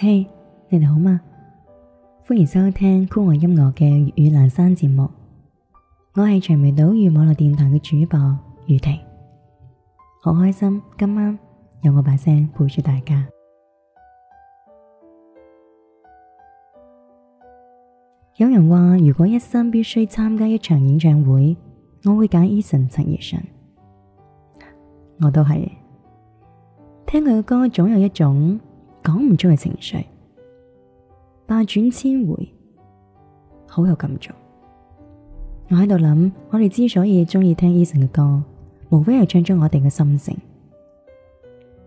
嘿，hey，你哋好嘛？歡迎收聽酷我音樂嘅粵語南山節目，我係長尾島與網絡電台嘅主播雨婷，好開心今晚有我把聲陪住大家。有人話，如果一生必須參加一場演唱會，我會揀 Eason 陳奕迅。我都係聽佢嘅歌總有一種。講唔出嘅情緒，百轉千回，好有感觸。我喺度諗，我哋之所以中意聽 Eason 嘅歌，無非係唱出我哋嘅心情，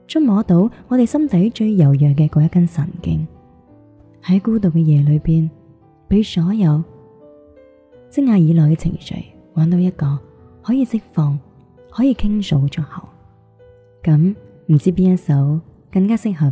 觸摸到我哋心底最柔弱嘅嗰一根神經。喺孤獨嘅夜裏邊，俾所有積壓以來嘅情緒，揾到一個可以釋放、可以傾訴出口。咁唔知邊一首更加適合？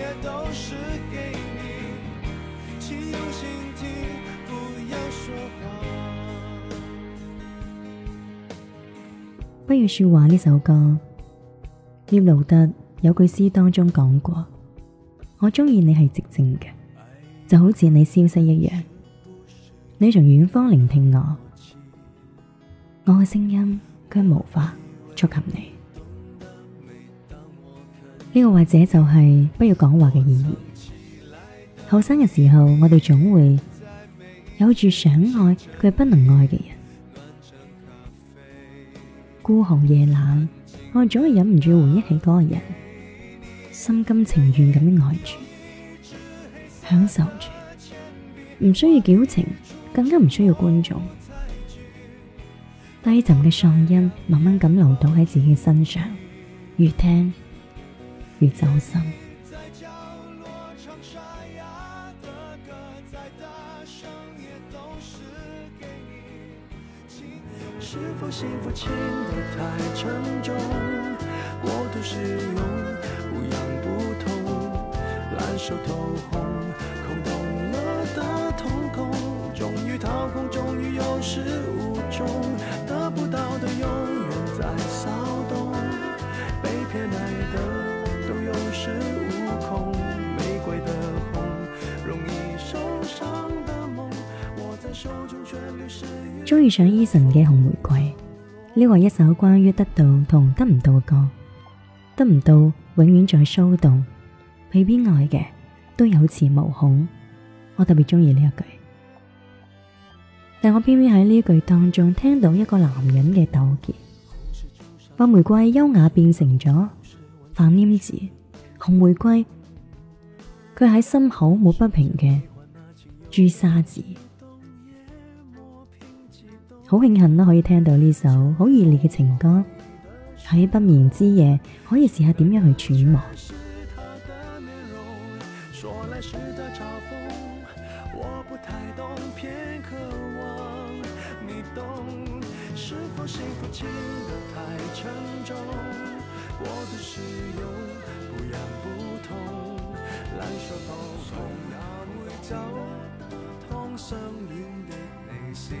不要說話呢首歌，聶魯德有句詩當中講過：我中意你係寂靜嘅，就好似你消失一樣。你從遠方聆聽我，我嘅聲音卻無法觸及你。呢個或者就係不要講話嘅意義。後生嘅時候，我哋總會有住想愛卻不能愛嘅人。孤寒夜冷，我總係忍唔住回憶起嗰個人，心甘情願咁樣愛住，享受住，唔需要矯情，更加唔需要觀眾，低沉嘅嗓音慢慢咁流淌喺自己身上，越聽越走心。是否幸福輕得太沉重？過度使用不癢不痛，爛熟透紅。中意上 Eason 嘅《紅玫瑰》，呢個一首關於得到同得唔到嘅歌，得唔到永遠在騷動，被偏愛嘅都有恃無恐，我特別中意呢一句，但我偏偏喺呢一句當中聽到一個男人嘅糾結，白玫瑰優雅變成咗飯黏子，紅玫瑰，佢喺心口抹不平嘅朱砂痣。好慶幸啦，可以聽到呢首好熱烈嘅情歌。喺不眠之夜，可以試下點樣去揣摩。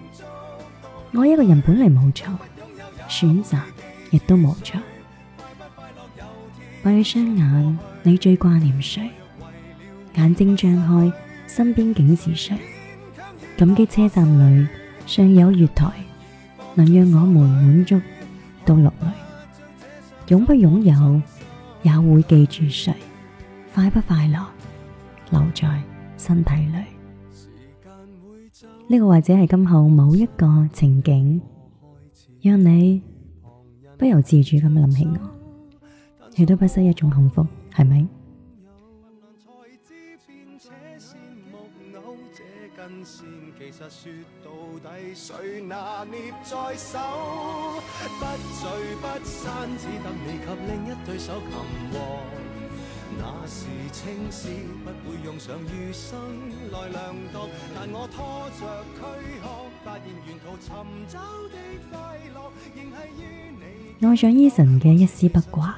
愛一個人本嚟冇錯，選擇亦都冇錯。閉起雙眼，你最掛念誰？眼睛張開，身邊竟是誰？感激車站裏尚有月台，能讓我們滿足到落淚。擁不擁有也會記住誰？快不快樂留在身體裏。呢個或者係今後某一個情景，讓你不由自主咁樣諗起我，你都不失一種幸福，係咪？那時青絲不會用上餘生來量度，但我拖著軀殼發現沿途尋找的快樂仍繫於你愛上 Eason 嘅一絲不掛，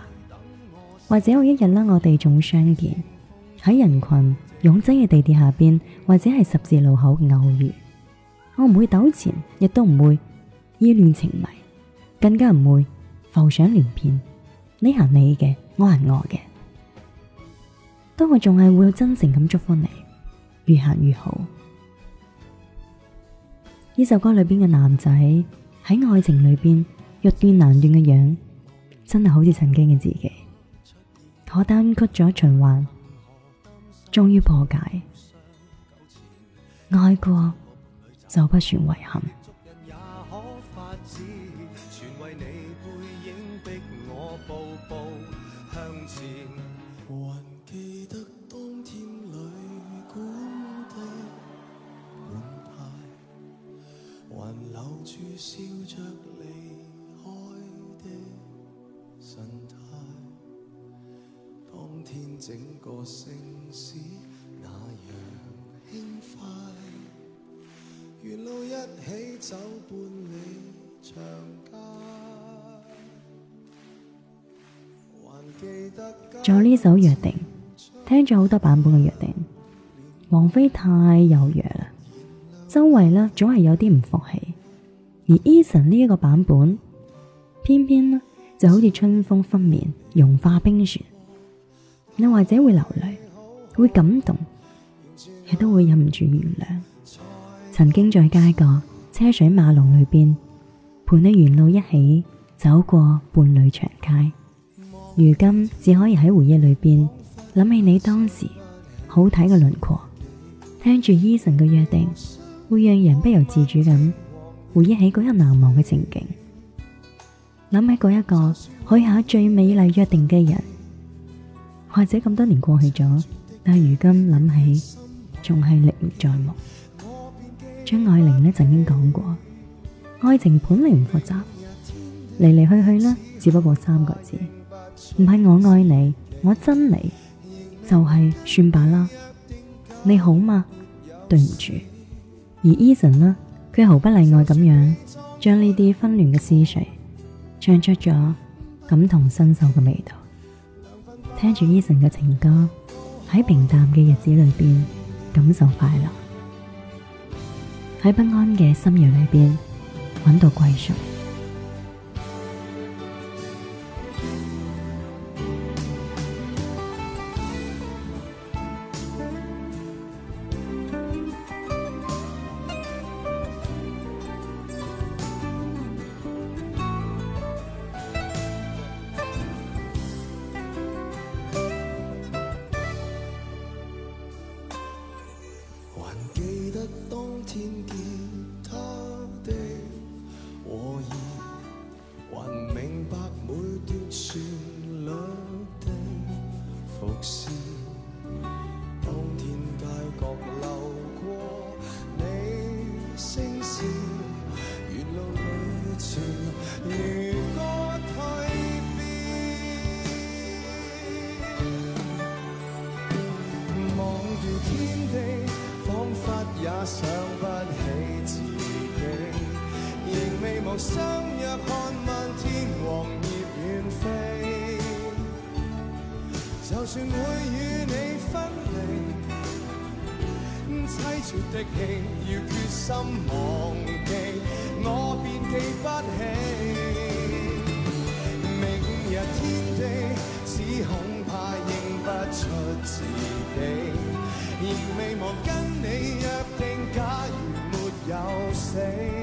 或者有一日啦，我哋仲相見喺人群擁擠嘅地鐵下邊，或者係十字路口偶遇。我唔會糾纏，亦都唔會意亂情迷，更加唔會浮想聯翩。你行你嘅，我行我嘅。不過我仲係會有真誠咁祝福你，越行越好。呢首歌裏邊嘅男仔喺愛情裏邊欲斷難斷嘅樣，真係好似曾經嘅自己。可單曲咗循環，終於破解，愛過就不算遺憾。整個城市，那樣輕快，沿路一起走，伴你長街。仲有呢首約定，聽咗好多版本嘅約定，王菲太柔弱啦，周圍呢總係有啲唔服氣，而 Eason 呢一個版本，偏偏呢就好似春風拂面，融化冰雪。又或者會流淚，會感動，亦都會忍唔住原諒。曾經在街角，車水馬龍裏邊，陪你沿路一起走過伴侶長街。如今只可以喺回憶裏邊諗起你當時好睇嘅輪廓，聽住 Eason 嘅約定，會讓人不由自主咁回憶起嗰一難忘嘅情景，諗起嗰一個許下最美麗約定嘅人。或者咁多年過去咗，但係如今諗起，仲係歷歷在目。張愛玲呢曾經講過：愛情本嚟唔複雜，嚟嚟去去呢，只不過三個字，唔係我愛你，我憎你，就係算罷啦。你好嗎？對唔住。而 Eason 呢，佢毫不例外咁樣，將呢啲紛亂嘅思緒唱出咗，感同身受嘅味道。聽住 Eason 嘅情歌，喺平淡嘅日子裏邊感受快樂；喺不安嘅深夜裏邊揾到歸宿。相約看漫天黃葉遠飛，就算會與你分離，悽絕的戲，要決心忘記，我便記不起。明日天地，只恐怕認不出自己，仍未忘跟你約定，假如沒有死。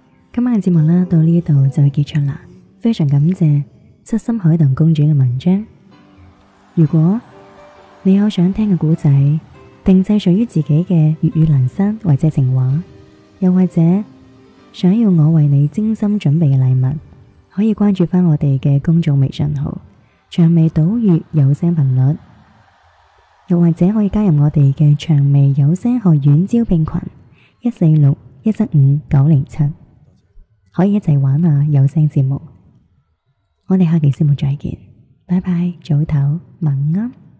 今晚嘅節目啦，到呢度就會結束啦。非常感謝七心海棠公主嘅文章。如果你有想聽嘅古仔，定製屬於自己嘅粵語蘭山或者情話，又或者想要我為你精心準備嘅禮物，可以關注翻我哋嘅公眾微信號“長尾島嶼有聲頻率”，又或者可以加入我哋嘅長尾有聲學院招聘群一四六一七五九零七。可以一齊玩下有聲節目，我哋下期節目再見，拜拜，早唞，晚安。